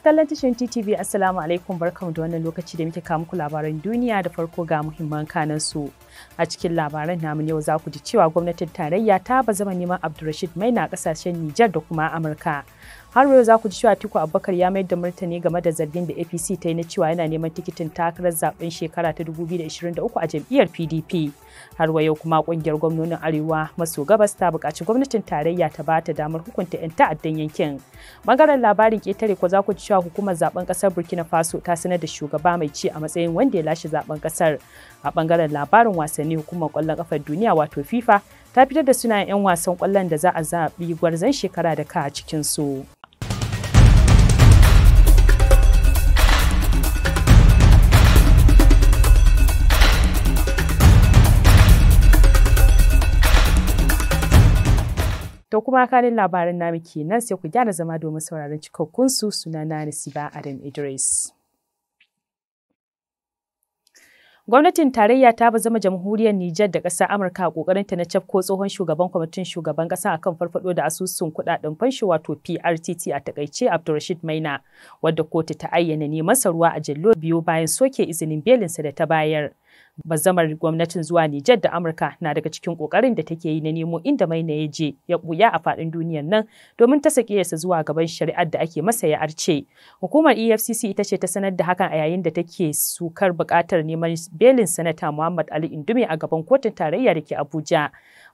Masu kallon tashin TTV Assalamu alaikum barkamu da wannan lokaci da muke kawo muku labaran duniya da farko ga muhimman kanan su. a cikin labaran namun yau za ku ji cewa gwamnatin tarayya ta ba zama neman abdulrashid mai na kasashen nijar da kuma amurka har yau za ku ji cewa tiku abubakar ya mayar da martani game da zargin da apc ta yi na cewa yana neman tikitin takarar zaben shekara ta 2023 a jam'iyyar pdp har yau kuma kungiyar gwamnonin arewa maso gabas ta buƙaci gwamnatin tarayya ta ba ta damar hukunta 'yan ta'addan yankin bangaren labarin ƙetare ko za ku ji cewa hukumar zaben kasar burkina faso ta sanar da shugaba mai ci a matsayin wanda ya lashe zaben ƙasar a bangaren labarin wasu wasanni hukumar kwallon kafar duniya wato FIFA ta fitar da sunayen 'yan wasan kwallon da za a zaɓi gwarzon shekara da ka a cikin su. To kuma kanin labarin namu kenan sai ku gyara zama domin sauraron cikakkun su sunana Nasiba Adam Idris. Gwamnatin tarayya ta ba zama jamhuriyar Nijar da ƙasar Amurka a ƙoƙarinta na cafko tsohon shugaban kwamitin shugaban ƙasa akan farfaɗo da asusun kuɗaɗen fanshi wato PRTT a takaice Abdulrashid Maina wadda kotu ta ayyana neman ruwa a jallo biyu bayan soke izinin belinsa da ta bayar. Bazamar gwamnatin zuwa Nijar da Amurka na daga cikin ƙoƙarin da take yi na nemo inda mai na je ya ɓuya a faɗin duniyar nan domin ta yasa zuwa gaban shari'ar da ake masa ya arce. Hukumar EFCC ita ce ta sanar da hakan a yayin da take sukar buƙatar neman belin sanata Muhammad Ali Indume a gaban kotun tarayya da ke Abuja.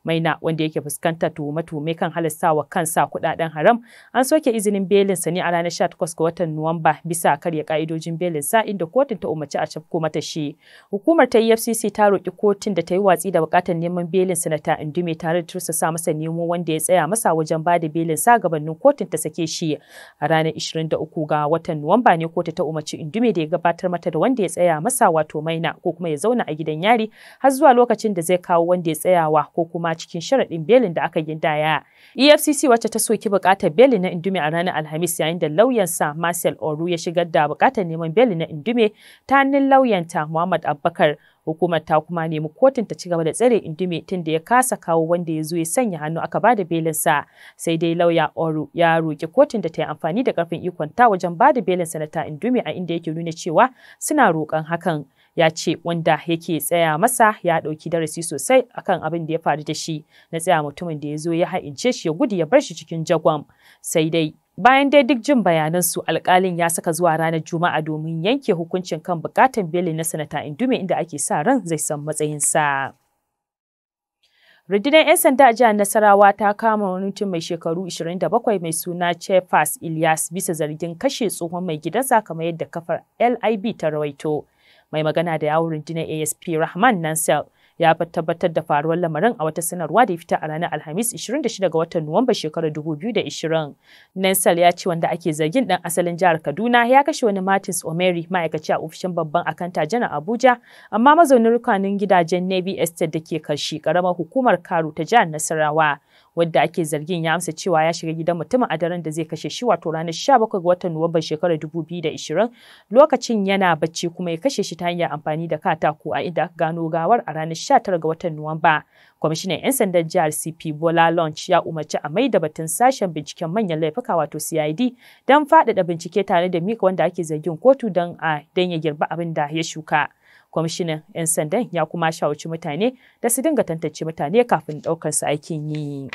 maina wanda yake fuskantar tuhume-tuhume kan halastawa kansa kuɗaɗen haram an soke izinin belinsa ne a ranar 18 ga watan nuwamba bisa karya ka'idojin belin sa inda kotun ta umarci a cafko mata shi hukumar ta efcc ta roki kotun da ta yi watsi da buƙatar neman belin sanata indume tare da sa masa nemo wanda ya tsaya masa wajen ba da belin sa gabanin kotun ta sake shi a ranar 23 ga watan nuwamba ne kotu ta umarci indume da ya gabatar mata da wanda ya tsaya masa wato maina ko kuma ya zauna a gidan yari har zuwa lokacin da zai kawo wanda ya tsayawa ko kuma cikin sharaɗin belin da aka gindaya. EFCC wacce ta soki buƙatar belin na Indume a ranar Alhamis yayin da lauyansa Marcel Oru ya shigar da buƙatar neman belin na Indume ta hannun lauyanta Muhammad Abubakar hukumar ta kuma nemi kotun ta ci gaba da tsare indume tun da ya kasa kawo wanda ya zo ya sanya hannu aka bada belinsa sai dai lauya oru ya roki kotun da ta yi amfani da karfin ikon ta wajen bada belin sanata indume a inda yake nuna cewa suna roƙon hakan ya ce wanda yake tsaya masa ya ɗauki darasi sosai akan abin da ya faru da shi na tsaya mutumin da ya zo ya ha'ince shi ya gudu ya bar shi cikin jagwam sai dai bayan dai duk jin bayanan su alkalin ya saka zuwa ranar juma'a domin yanke hukuncin kan bukatan belin na sanata indume inda ake sa ran zai san sa. Rundunar 'yan sanda a jihar Nasarawa ta kama wani mutum mai shekaru 27 mai suna Chefas Ilyas bisa zargin kashe tsohon mai gidansa kamar yadda kafar LIB ta rawaito. mai magana da yawon rundunar asp rahman nansel ya tabbatar da faruwar lamarin a wata sanarwa da ya fita a ranar Alhamis 26 ga watan Nuwamba shekarar 2020. nansel ya ce wanda ake zargin dan asalin jihar Kaduna ya kashe wani Martins Omeri ma'aikaci a ofishin babban akanta janar Abuja amma mazaunin rukanin gidajen Navy Estate da ke karshe karamar hukumar Karu ta jihar Nasarawa. wadda ake zargin ya amsa cewa ya shiga gidan mutumin a daren da zai kashe shi wato ranar 17 ga watan Nuwamban shekarar 2020 lokacin yana bacci kuma ya kashe shi ta hanyar amfani da katako a inda aka gano gawar a ranar 19 ga watan Nuwamba. Kwamishinan 'yan sandan jihar CP Bola Launch ya umarci a maida batun sashen binciken manyan laifuka wato CID don faɗaɗa bincike tare da mika wanda ake zargin kotu don a don ya girba abin da ya shuka. Kwamishinan 'yan sandan ya kuma shawarci mutane da su dinga tantance mutane kafin ɗaukar su aikin yi.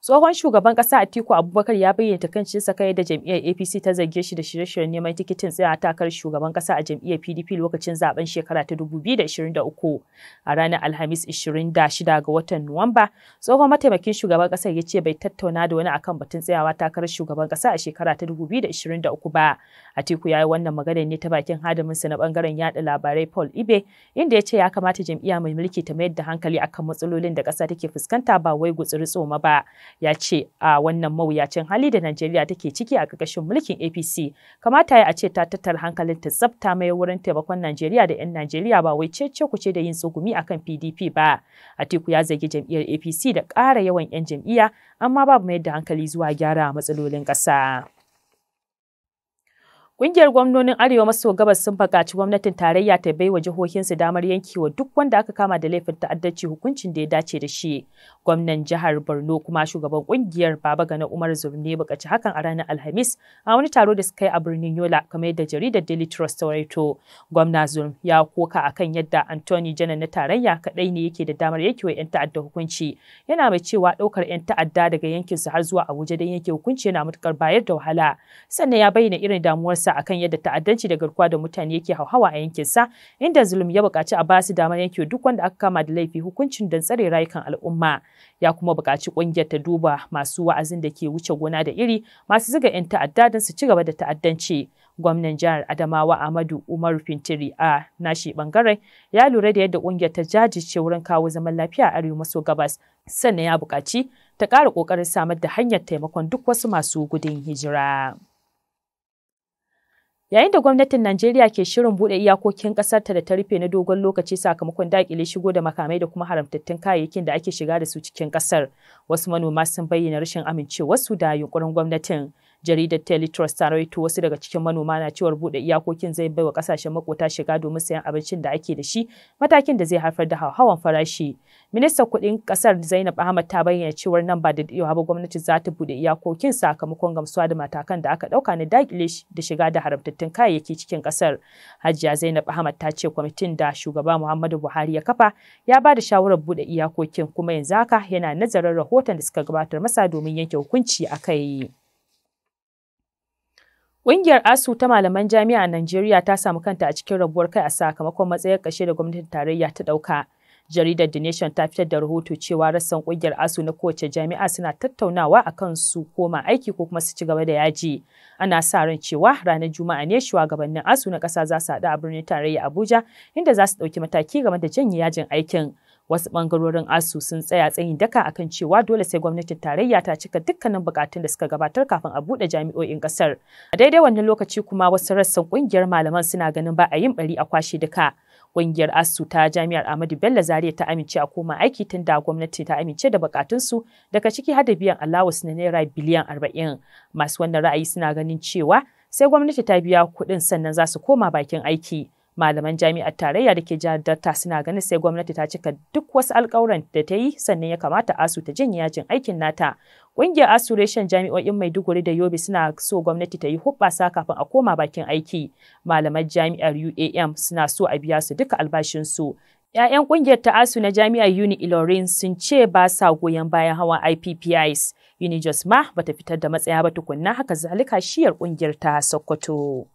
Tsohon shugaban ƙasa Atiku Abubakar ya bayyana kanci sa kai da jam'iyyar APC ta zarge shi da shirye-shiryen neman tikitin tsaya takarar shugaban ƙasa a jam'iyyar PDP lokacin zaben shekara ta 2023. A ranar Alhamis 26 ga watan Nuwamba, tsohon mataimakin shugaban ƙasar ya ce bai tattauna da wani akan batun tsayawa takarar shugaban ƙasa a shekara ta 2023 ba. Atiku ya yi wannan magana ne ta bakin hadiminsa na bangaren yaɗa labarai Paul Ibe, inda ya ce ya kamata jam'iyya mai mulki ta mayar da hankali akan matsalolin da ƙasa take fuskanta ba wai gutsuri tsoma ba. ya ce a wannan mawuyacin hali da Najeriya take ciki a ƙarƙashin mulkin APC kamata ya a ce ta tattar hankalin ta tsafta mai wurin taimakon Najeriya da 'yan Najeriya ba wai cece ce da yin tsugumi kan PDP ba. Atiku ya zargi jam'iyyar APC da ƙara yawan 'yan jam'iyya amma babu mayar da hankali zuwa gyara matsalolin ƙasa. Ƙungiyar gwamnonin Arewa maso gabas sun buƙaci gwamnatin tarayya ta bai wa su damar yankewa duk wanda aka kama da laifin ta'addanci hukuncin da ya dace da shi. Gwamnan jihar Borno kuma shugaban ƙungiyar Baba Gana Umar Zurne buƙaci hakan a ranar Alhamis a wani taro da suka yi a birnin Yola kamar yadda jaridar Daily Trust ta Gwamna zurm ya koka akan yadda Anthony Janar na tarayya kaɗai ne yake da damar yankewa 'yan ta'adda hukunci. Yana mai cewa ɗaukar 'yan ta'adda daga yankinsu har zuwa Abuja don yake hukunci yana matuƙar bayar da wahala. Sannan ya bayyana irin damuwarsa sa akan yadda ta'addanci da garkuwa da mutane yake hauhawa a yankin sa inda zulum ya buƙaci a basu damar yanke duk wanda aka kama da laifi hukuncin don tsare rayukan al'umma ya kuma buƙaci ƙungiyar ta duba masu wa'azin da ke wuce gona da iri masu zuga 'yan ta'adda don su ci gaba da ta'addanci gwamnan jihar Adamawa Ahmadu umar Fintiri a nashi bangaren ya lura da yadda ƙungiyar ta jajirce wurin kawo zaman lafiya a arewa maso gabas sannan ya buƙaci ta ƙara ƙoƙarin samar da hanyar taimakon duk wasu masu gudun hijira. Yayin da gwamnatin Najeriya ke shirin buɗe iyakokin ƙasarta da ta rufe na dogon lokaci sakamakon daƙile shigo da makamai da kuma haramtattun kayayyakin da ake shiga da su cikin ƙasar, wasu manoma sun bayyana rashin amincewarsu da yunkurin gwamnatin. jaridar teletrust ta rawaito wasu daga cikin manoma na cewar bude iyakokin zai baiwa kasashen makota shiga domin sayan abincin da ake da shi matakin da zai haifar da hauhawan farashi ministan kuɗin ƙasar zainab ahmad ta bayyana cewar nan ba da daɗewa ba gwamnati za ta bude iyakokin sakamakon gamsuwa da matakan da aka ɗauka na dakile da shiga da haramtattun kayayyaki cikin ƙasar hajiya zainab ahmad ta ce kwamitin da shugaba muhammadu buhari ya kafa ya ba da shawarar bude iyakokin kuma yanzu haka yana nazarin rahoton da suka gabatar masa domin yanke hukunci a Ƙungiyar ASU ta malaman jami'a a Najeriya ta samu kanta a cikin rabuwar kai a sakamakon matsayar ƙashe da gwamnatin tarayya ta ɗauka. Jaridar The Nation ta fitar da rahoto cewa rassan ƙungiyar ASU na kowace jami'a suna tattaunawa a kan su koma aiki ko kuma su ci gaba da yaji. Ana sa ran cewa ranar Juma'a ne shugabannin ASU na ƙasa za su haɗu a birnin tarayya Abuja inda za su ɗauki mataki game da janye yajin aikin. Wasu bangarorin ASU sun tsaya tsayin daka akan cewa dole sai gwamnatin tarayya ta cika dukkanin bukatun da suka gabatar kafin a buɗe jami'o'in ƙasar. A daidai wannan lokaci kuma wasu rassan ƙungiyar malaman suna ganin ba a yin bari a kwashe duka. Ƙungiyar ASU ta Jami'ar Ahmadu Bello Zaria ta amince a koma aiki tun da gwamnati ta amince da bukatunsu daga ciki har biyan allowance na naira biliyan arba'in. Masu wannan ra'ayi suna ganin cewa sai gwamnati ta biya kuɗin sannan za su koma bakin aiki. Malaman jami'ar tarayya da ke jihar Delta suna ganin sai gwamnati ta cika duk wasu alkawuran da ta yi sannan ya kamata ASU ta janye yajin aikin nata. Ƙungiyar ASU reshen jami'o'in Maiduguri da Yobe suna so gwamnati ta yi hubbasa kafin a koma bakin aiki. Malaman jami'ar UAM suna so a biya su duka albashinsu. 'Ya'yan ƙungiyar ta ASU na jami'ar Uni Ilorin sun ce ba sa goyon bayan hawan IPPIs. Unijos ma bata fitar da matsaya ba tukunna haka zalika shiyar ƙungiyar ta Sokoto.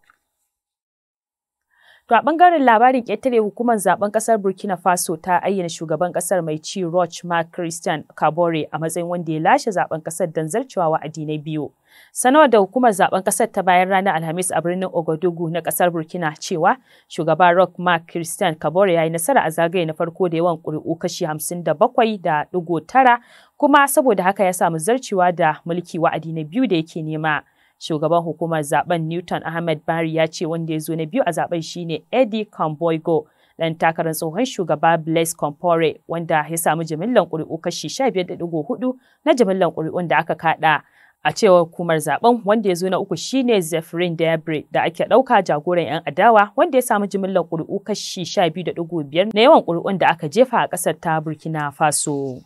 To a bangaren labarin ƙetare hukumar zaben ƙasar Burkina Faso ta ayyana shugaban ƙasar mai ci Roch ma Christian Kabore a matsayin wanda ya lashe zaben ƙasar don zarcewa wa'adi na biyu. Sanawar da hukumar zaben ƙasar ta bayan ranar Alhamis a birnin Ogodugu na ƙasar Burkina cewa shugaba Roch ma Christian Kabore ya yi nasara a zagaye na farko da yawan ƙuri'u kashi hamsin da da bakwai 57.9 kuma saboda haka ya samu zarcewa da mulki wa'adi na biyu da yake nema. Shugaban hukumar zaben Newton Ahmed Bari ya ce wanda ya zo na biyu a zaben shine Eddie Kamboigo. dan takarar tsohon shugaba Blaise Compaore wanda ya samu jimillan ƙuri'u kashi 15.4 na jimillan ƙuri'un da aka kada. A cewar hukumar zaben wanda ya zo na uku shine Zephyrin Debre da ake ɗauka jagoran 'yan adawa wanda ya samu jimillan ƙuri'u kashi 12.5 na yawan ƙuri'un da aka jefa a ƙasar ta Burkina Faso.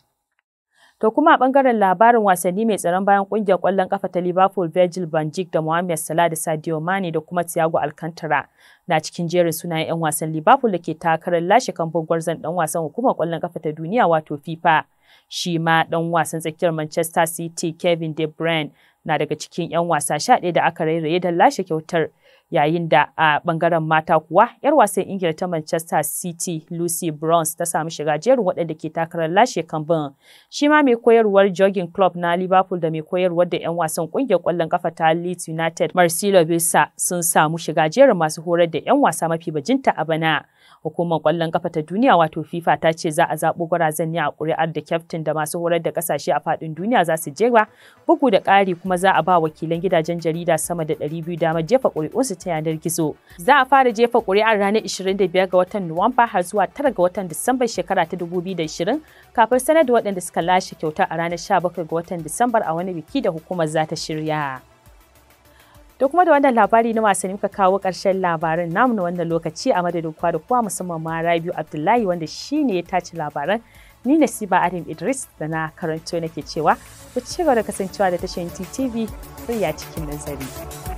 To kuma a bangaren labarin wasanni mai tsaron bayan kungiyar kwallon kafa ta Liverpool Virgil van Dijk da Mohamed Salah da Sadio Mane da kuma Thiago Alcantara na cikin jerin sunayen 'yan wasan Liverpool da ke takarar lashe kamfan gwarzon dan wasan hukumar kwallon kafa ta duniya wato FIFA. Shi ma dan wasan tsakiyar Manchester City Kevin De Bruyne na daga cikin 'yan wasa 11 da aka rairaye don lashe kyautar. yayin da a bangaren mata kuwa yar wasan ingila ta manchester city lucy bronze ta samu shiga jerin waɗanda ke takarar lashe kambin shi ma mai koyarwar jogging club na liverpool da mai koyarwar da 'yan wasan ƙungiyar ƙwallon kafa ta leeds united marcelo bisa sun samu shiga jerin masu horar da 'yan wasa mafi bajinta a bana Hukumar kwallon kafa ta duniya wato FIFA ta ce za a zaɓo gurazan ne a ƙuri'ar da kyaftin da masu horar da kasashe a faɗin duniya za su jewa bugu da ƙari kuma za a ba wakilan gidajen jarida sama da 200 damar jefa su ta yanar gizo. Za a fara jefa ƙuri'ar ranar 25 ga watan Nuwamba har zuwa 9 ga watan disamba shekara ta 2020 kafin sanar da waɗanda suka lashe kyauta a ranar 17 ga watan Disambar a wani biki da hukumar za ta shirya. da kuma da wannan labari na wasanni muka kawo ƙarshen labaran namu na wannan lokaci a madadin kwa da kuwa musamman ma Rabiu Abdullahi wanda shi ne ya tace labaran ni Nasiba Adam Idris da na karanto nake cewa ku ci gaba da kasancewa da tashar TTV murya cikin nazari.